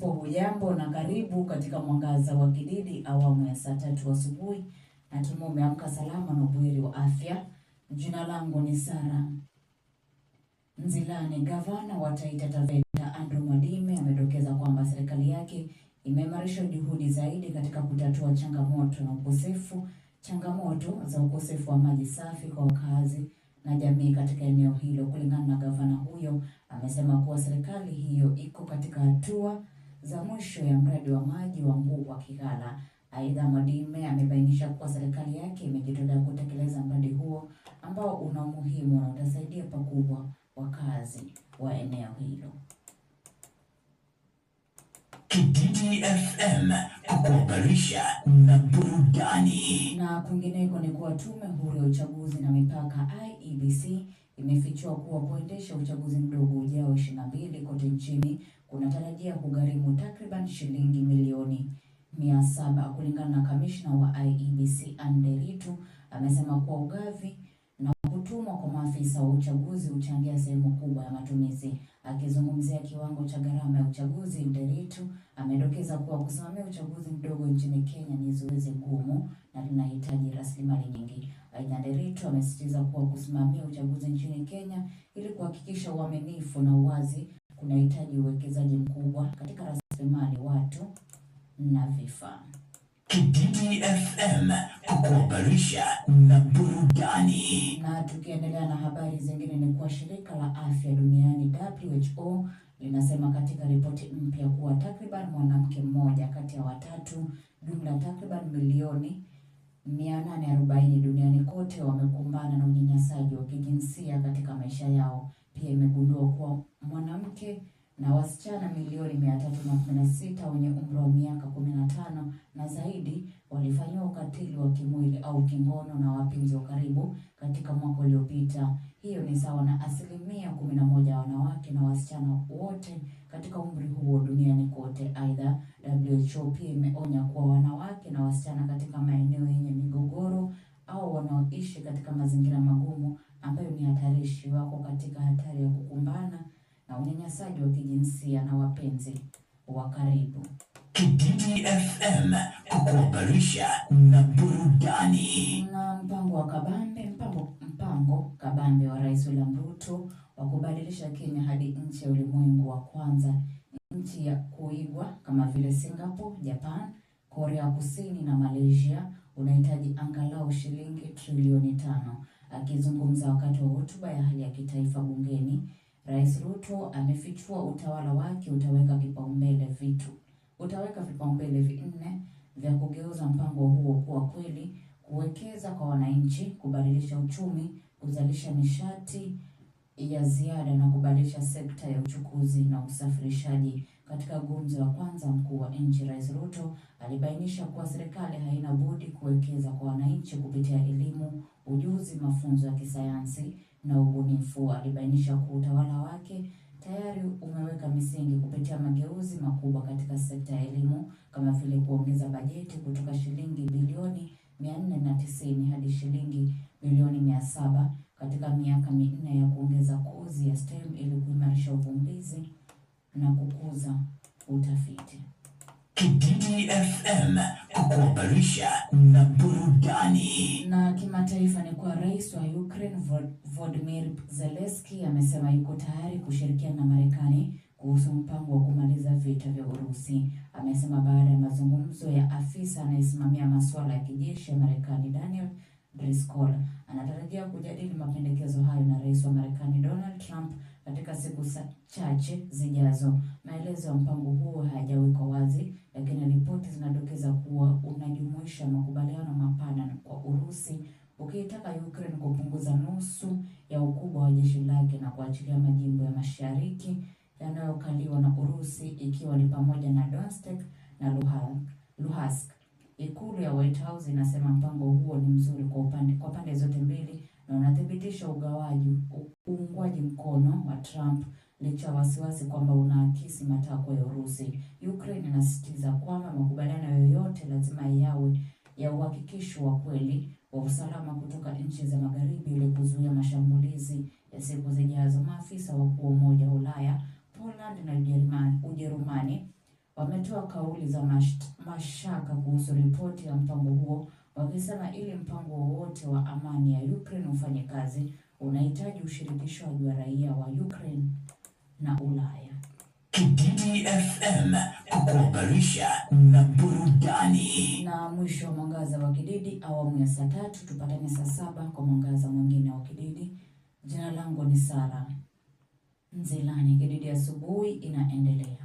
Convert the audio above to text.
Hujambo na karibu katika Mwangaza wa Kididi awamu ya saa tatu asubuhi. Natumai umeamka salama na buheri wa afya. Jina langu ni Sara nzilani Gavana wa Taita Taveta Andrew Mwadime amedokeza kwamba serikali yake imeimarisha juhudi zaidi katika kutatua changamoto na ukosefu changamoto za ukosefu wa maji safi kwa wakazi na jamii katika eneo hilo. Kulingana na gavana huyo, amesema kuwa serikali hiyo iko katika hatua za mwisho ya mradi wa maji wa wa Kigala. Aidha, Mwadime amebainisha kuwa serikali yake imejitolea kutekeleza mradi huo ambao una umuhimu na utasaidia pakubwa wakazi wa eneo hilo. Kijiji FM kukuhabarisha na burudani. Na kwingineko ni kuwa tume huru ya uchaguzi na mipaka IEBC imefichua kuwa kuendesha uchaguzi mdogo ujao 22 kote nchini kunatarajia kugharimu takriban shilingi milioni mia saba kulingana na kamishna wa IEBC Anne amesema kuwa ugavi na kutumwa kwa maafisa wa uchaguzi huchangia sehemu kubwa ya matumizi. Akizungumzia kiwango cha gharama ya uchaguzi, Nderitu amedokeza kuwa kusimamia uchaguzi mdogo nchini Kenya ni zoezi gumu na linahitaji rasilimali nyingi. Aidha, Nderitu amesisitiza kuwa kusimamia uchaguzi nchini Kenya ili kuhakikisha uaminifu na uwazi kunahitaji uwekezaji mkubwa katika rasilimali watu na vifaa. Kididi FM kukuhabarisha na burudani. Na tukiendelea na habari zingine, ni kuwa shirika la afya duniani WHO linasema katika ripoti mpya kuwa takriban mwanamke mmoja kati ya watatu, jumla takriban milioni 840 duniani kote wamekumbana na unyanyasaji wa kijinsia katika maisha yao. Pia imegundua kuwa na wasichana milioni mia tatu na kumi wenye umri wa miaka kumi na na zaidi walifanyiwa ukatili wa kimwili au kingono na wapenzi wa karibu katika mwaka uliopita. Hiyo ni sawa na asilimia kumi ya wanawake na wasichana wote katika umri huo duniani kote. Aidha, WHO pia imeonya kuwa wanawake na wasichana katika maeneo yenye migogoro au wanaoishi katika mazingira magumu ambayo ni hatarishi wako katika hatari ya kukumbana na unyanyasaji wa kijinsia na wapenzi wa karibu. Kididi FM kukuhabarisha na burudani. Na mpango wa kabambe mpango, mpango kabambe wa Rais William Ruto wa kubadilisha Kenya hadi nchi ya ulimwengu wa kwanza, nchi ya kuigwa kama vile Singapore, Japan, Korea Kusini na Malaysia unahitaji angalau shilingi trilioni tano. Akizungumza wakati wa hotuba ya hali ya kitaifa bungeni Rais Ruto amefichua utawala wake utaweka kipaumbele vitu, utaweka vipaumbele vinne vya kugeuza mpango huo kuwa kweli: kuwekeza kwa wananchi, kubadilisha uchumi, kuzalisha nishati ya ziada na kubadilisha sekta ya uchukuzi na usafirishaji. Katika gumzo la kwanza mkuu wa nchi, Rais Ruto alibainisha kuwa serikali haina budi kuwekeza kwa wananchi kupitia elimu, ujuzi, mafunzo ya kisayansi na ubunifu. Alibainisha kuwa utawala wake tayari umeweka misingi kupitia mageuzi makubwa katika sekta ya elimu kama vile kuongeza bajeti kutoka shilingi bilioni mia nne na tisini hadi shilingi bilioni mia saba katika miaka minne ya kuongeza kozi ya STEM ili kuimarisha uvumbuzi na kukuza utafiti. Kididi FM kukuhabarisha na burudani. Na kimataifa ni kuwa rais wa Ukraine Volodymyr Zelensky amesema yuko tayari kushirikiana na Marekani kuhusu mpango wa kumaliza vita vya Urusi. Amesema baada ya mazungumzo ya afisa anayesimamia masuala ya kijeshi ya Marekani Daniel Grace Cole anatarajia kujadili mapendekezo hayo na rais wa Marekani Donald Trump katika siku chache zijazo. Maelezo ya mpango huo hayajawekwa wazi, lakini ripoti zinadokeza kuwa unajumuisha makubaliano mapana kwa Urusi ukiitaka Ukraine kupunguza nusu ya ukubwa wa jeshi lake na kuachilia majimbo ya mashariki yanayokaliwa na Urusi ikiwa ni pamoja na Donetsk na Luhansk. Ikulu ya White House inasema mpango huo ni mzuri kwa upande, kwa pande zote mbili na unathibitisha ugawaji uungwaji mkono wa Trump licha wasiwasi kwamba unaakisi matakwa ya Urusi. Ukraine inasisitiza kwamba makubaliano yoyote lazima yawe ya uhakikisho wa kweli wa usalama kutoka nchi za magharibi ili kuzuia mashambulizi ya siku zijazo. Maafisa wakuu wa Umoja wa Ulaya, Poland na Ujerumani wametoa kauli za mashaka kuhusu ripoti ya mpango huo, wakisema ili mpango wowote wa amani ya Ukraine ufanye kazi unahitaji ushirikishwaji wa raia wa Ukraine na Ulaya. Kididi FM kukuhabarisha na burudani. Na mwisho wa mwangaza wa Kididi awamu ya saa tatu, tupatane saa saba kwa mwangaza mwingine wa Kididi. Jina langu ni Sara Nzilani. Kididi asubuhi inaendelea.